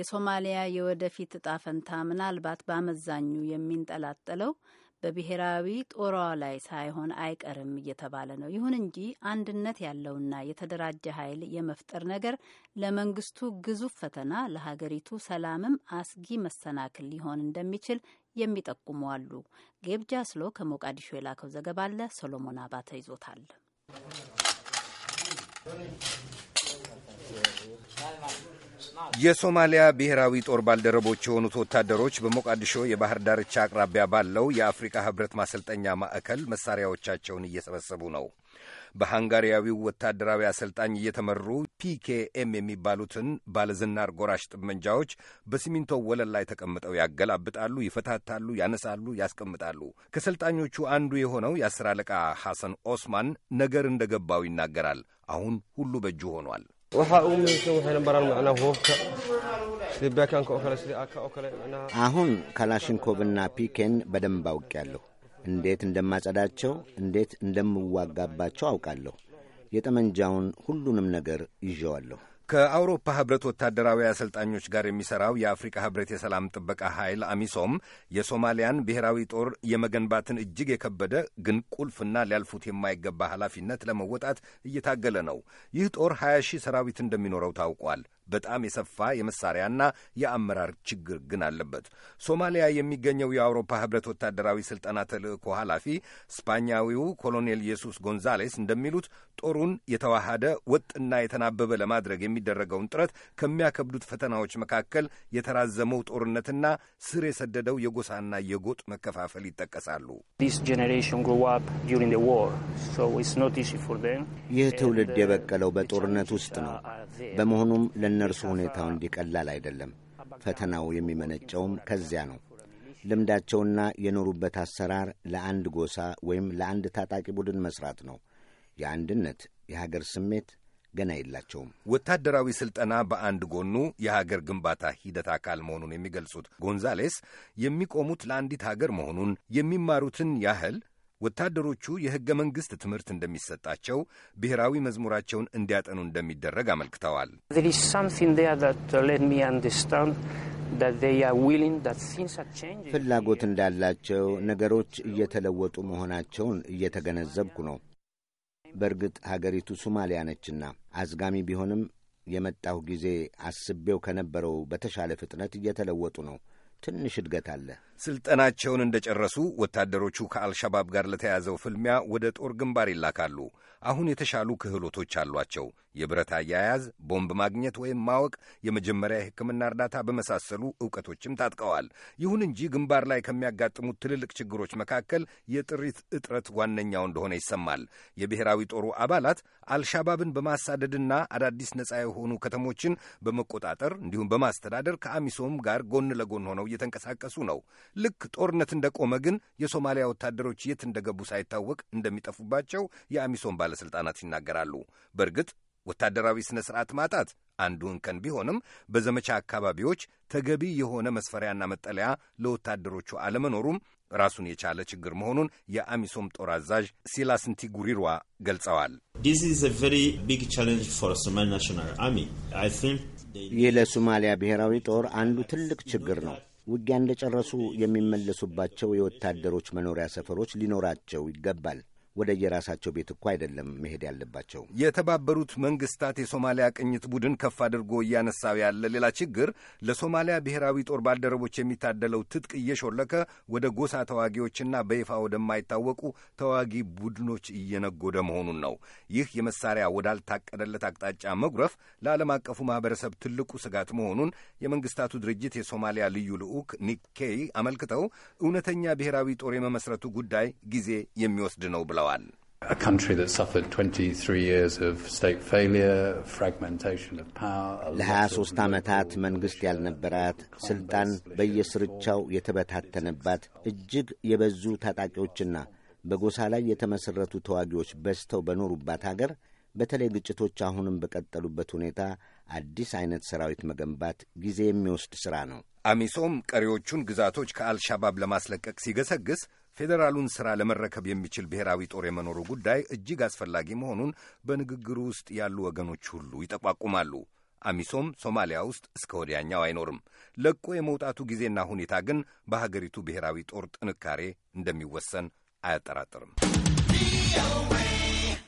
የሶማሊያ የወደፊት እጣ ፈንታ ምናልባት በአመዛኙ የሚንጠላጠለው በብሔራዊ ጦሯ ላይ ሳይሆን አይቀርም እየተባለ ነው። ይሁን እንጂ አንድነት ያለውና የተደራጀ ኃይል የመፍጠር ነገር ለመንግስቱ ግዙፍ ፈተና፣ ለሀገሪቱ ሰላምም አስጊ መሰናክል ሊሆን እንደሚችል የሚጠቁሙ አሉ። ጌብጃ ስሎ ከሞቃዲሾ የላከው ዘገባ አለ። ሰሎሞን አባተ ይዞታል። የሶማሊያ ብሔራዊ ጦር ባልደረቦች የሆኑት ወታደሮች በሞቃዲሾ የባህር ዳርቻ አቅራቢያ ባለው የአፍሪካ ህብረት ማሰልጠኛ ማዕከል መሳሪያዎቻቸውን እየሰበሰቡ ነው። በሃንጋሪያዊው ወታደራዊ አሰልጣኝ እየተመሩ ፒኬኤም የሚባሉትን ባለዝናር ጎራሽ ጠመንጃዎች በሲሚንቶ ወለል ላይ ተቀምጠው ያገላብጣሉ፣ ይፈታታሉ፣ ያነሳሉ፣ ያስቀምጣሉ። ከሰልጣኞቹ አንዱ የሆነው የአስር አለቃ ሐሰን ኦስማን ነገር እንደገባው ይናገራል። አሁን ሁሉ በእጁ ሆኗል። አሁን ካላሽንኮቭና ፒኬን በደንብ አውቄያለሁ። እንዴት እንደማጸዳቸው፣ እንዴት እንደምዋጋባቸው አውቃለሁ። የጠመንጃውን ሁሉንም ነገር ይዤዋለሁ። ከአውሮፓ ህብረት ወታደራዊ አሰልጣኞች ጋር የሚሰራው የአፍሪካ ህብረት የሰላም ጥበቃ ኃይል አሚሶም የሶማሊያን ብሔራዊ ጦር የመገንባትን እጅግ የከበደ ግን ቁልፍና ሊያልፉት የማይገባ ኃላፊነት ለመወጣት እየታገለ ነው። ይህ ጦር 20 ሺህ ሰራዊት እንደሚኖረው ታውቋል። በጣም የሰፋ የመሳሪያና የአመራር ችግር ግን አለበት። ሶማሊያ የሚገኘው የአውሮፓ ህብረት ወታደራዊ ስልጠና ተልእኮ ኃላፊ ስፓኛዊው ኮሎኔል ኢየሱስ ጎንዛሌስ እንደሚሉት ጦሩን የተዋሃደ ወጥና የተናበበ ለማድረግ የሚደረገውን ጥረት ከሚያከብዱት ፈተናዎች መካከል የተራዘመው ጦርነትና ስር የሰደደው የጎሳና የጎጥ መከፋፈል ይጠቀሳሉ። ይህ ትውልድ የበቀለው በጦርነት ውስጥ ነው። በመሆኑም ለ የእነርሱ ሁኔታው እንዲቀላል አይደለም። ፈተናው የሚመነጨውም ከዚያ ነው። ልምዳቸውና የኖሩበት አሰራር ለአንድ ጎሳ ወይም ለአንድ ታጣቂ ቡድን መስራት ነው። የአንድነት የሀገር ስሜት ገና የላቸውም። ወታደራዊ ስልጠና በአንድ ጎኑ የሀገር ግንባታ ሂደት አካል መሆኑን የሚገልጹት ጎንዛሌስ የሚቆሙት ለአንዲት ሀገር መሆኑን የሚማሩትን ያህል ወታደሮቹ የሕገ መንግሥት ትምህርት እንደሚሰጣቸው፣ ብሔራዊ መዝሙራቸውን እንዲያጠኑ እንደሚደረግ አመልክተዋል። uh, ፍላጎት እንዳላቸው ነገሮች እየተለወጡ መሆናቸውን እየተገነዘብኩ ነው። በእርግጥ ሀገሪቱ ሱማሊያ ነችና አዝጋሚ ቢሆንም የመጣሁ ጊዜ አስቤው ከነበረው በተሻለ ፍጥነት እየተለወጡ ነው። ትንሽ እድገት አለ። ስልጠናቸውን እንደ ጨረሱ ወታደሮቹ ከአልሸባብ ጋር ለተያዘው ፍልሚያ ወደ ጦር ግንባር ይላካሉ። አሁን የተሻሉ ክህሎቶች አሏቸው። የብረት አያያዝ፣ ቦምብ ማግኘት ወይም ማወቅ፣ የመጀመሪያ የሕክምና እርዳታ በመሳሰሉ እውቀቶችም ታጥቀዋል። ይሁን እንጂ ግንባር ላይ ከሚያጋጥሙት ትልልቅ ችግሮች መካከል የጥሪት እጥረት ዋነኛው እንደሆነ ይሰማል። የብሔራዊ ጦሩ አባላት አልሻባብን በማሳደድና አዳዲስ ነጻ የሆኑ ከተሞችን በመቆጣጠር እንዲሁም በማስተዳደር ከአሚሶም ጋር ጎን ለጎን ሆነው እየተንቀሳቀሱ ነው። ልክ ጦርነት እንደቆመ ግን የሶማሊያ ወታደሮች የት እንደገቡ ሳይታወቅ እንደሚጠፉባቸው የአሚሶም ባለሥልጣናት ይናገራሉ። በእርግጥ ወታደራዊ ሥነ ሥርዓት ማጣት አንዱ እንከን ቢሆንም በዘመቻ አካባቢዎች ተገቢ የሆነ መስፈሪያና መጠለያ ለወታደሮቹ አለመኖሩም ራሱን የቻለ ችግር መሆኑን የአሚሶም ጦር አዛዥ ሲላስንቲ ጉሪሯ ገልጸዋል። ይህ ለሶማሊያ ብሔራዊ ጦር አንዱ ትልቅ ችግር ነው። ውጊያ እንደጨረሱ የሚመለሱባቸው የወታደሮች መኖሪያ ሰፈሮች ሊኖራቸው ይገባል። ወደ የራሳቸው ቤት እኮ አይደለም መሄድ ያለባቸው። የተባበሩት መንግስታት የሶማሊያ ቅኝት ቡድን ከፍ አድርጎ እያነሳው ያለ ሌላ ችግር ለሶማሊያ ብሔራዊ ጦር ባልደረቦች የሚታደለው ትጥቅ እየሾለከ ወደ ጎሳ ተዋጊዎችና በይፋ ወደማይታወቁ ተዋጊ ቡድኖች እየነጎደ መሆኑን ነው። ይህ የመሳሪያ ወዳልታቀደለት አቅጣጫ መጉረፍ ለዓለም አቀፉ ማህበረሰብ ትልቁ ስጋት መሆኑን የመንግስታቱ ድርጅት የሶማሊያ ልዩ ልዑክ ኒክ ኬይ አመልክተው እውነተኛ ብሔራዊ ጦር የመመስረቱ ጉዳይ ጊዜ የሚወስድ ነው ብለዋል። ብለዋል። ለ23 ዓመታት መንግሥት ያልነበራት ሥልጣን በየስርቻው የተበታተነባት እጅግ የበዙ ታጣቂዎችና በጎሳ ላይ የተመሠረቱ ተዋጊዎች በዝተው በኖሩባት አገር በተለይ ግጭቶች አሁንም በቀጠሉበት ሁኔታ አዲስ አይነት ሰራዊት መገንባት ጊዜ የሚወስድ ሥራ ነው። አሚሶም ቀሪዎቹን ግዛቶች ከአልሻባብ ለማስለቀቅ ሲገሰግስ ፌዴራሉን ሥራ ለመረከብ የሚችል ብሔራዊ ጦር የመኖሩ ጉዳይ እጅግ አስፈላጊ መሆኑን በንግግሩ ውስጥ ያሉ ወገኖች ሁሉ ይጠቋቁማሉ። አሚሶም ሶማሊያ ውስጥ እስከ ወዲያኛው አይኖርም። ለቆ የመውጣቱ ጊዜና ሁኔታ ግን በሀገሪቱ ብሔራዊ ጦር ጥንካሬ እንደሚወሰን አያጠራጥርም።